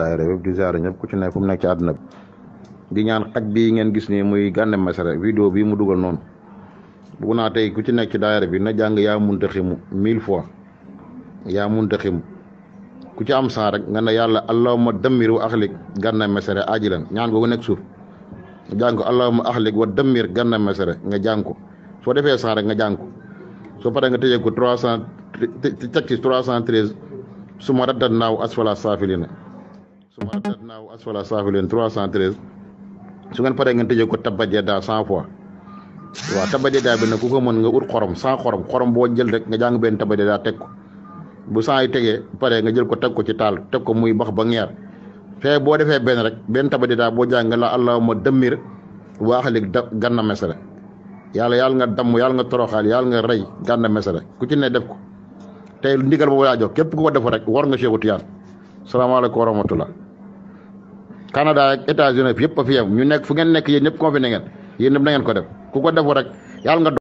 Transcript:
daayira yëpp di ziare ku ci nekk fu mu nekk ci àdduna bi di ñaan xaj bi ngeen gis nii muy Gana Messere vidéo bii mu dugal noonu bëgg naa tey ku ci nekk ci daayira bi na jàng yaa mun munta ximu mille fois yaa munta ximu ku ci am sant rek nga na yàlla allahumma dammir wa axlik Gana Messere ajilan ñaan googu nekk suuf nga jàng ko allahumma axlik wa dammir Gana Messere nga jàng ko soo defee sant rek nga jàng ko soo paree nga tëjee ko trois cent teg ci trois cent treize su ma rattat naaw asfala saafilina su ma tat naaw asfala leen trois cent treize su ngeen paree ngeen tëjee ko tabaje daa cent fois waaw tabaje daa bi nag ku ko mën nga ut xorom sans xorom boo jël rek nga jàng benn tabaje daa teg ko bu cent yi tegee paree nga jël ko teg ko ci taal teg ko muy bax ba ngeer fee boo defee benn rek benn tabaje daa boo jàng la allahuma dëmmir waaxalik da gànna mesere yàlla yàlla nga damm yàlla nga toroxaal yàlla nga rey gànna mesere ku ci ne def ko tey ndigal boobu laa jox képp ku ko def rek war nga Cheikh Tidiane salaamaaleykum wa rahmatullah Canada ak États-Unis yëpp a fi yem ñu nekk fu ngeen nekk ngeen yéen ñëpp ngeen ko def ku ko defu rek yàlla nga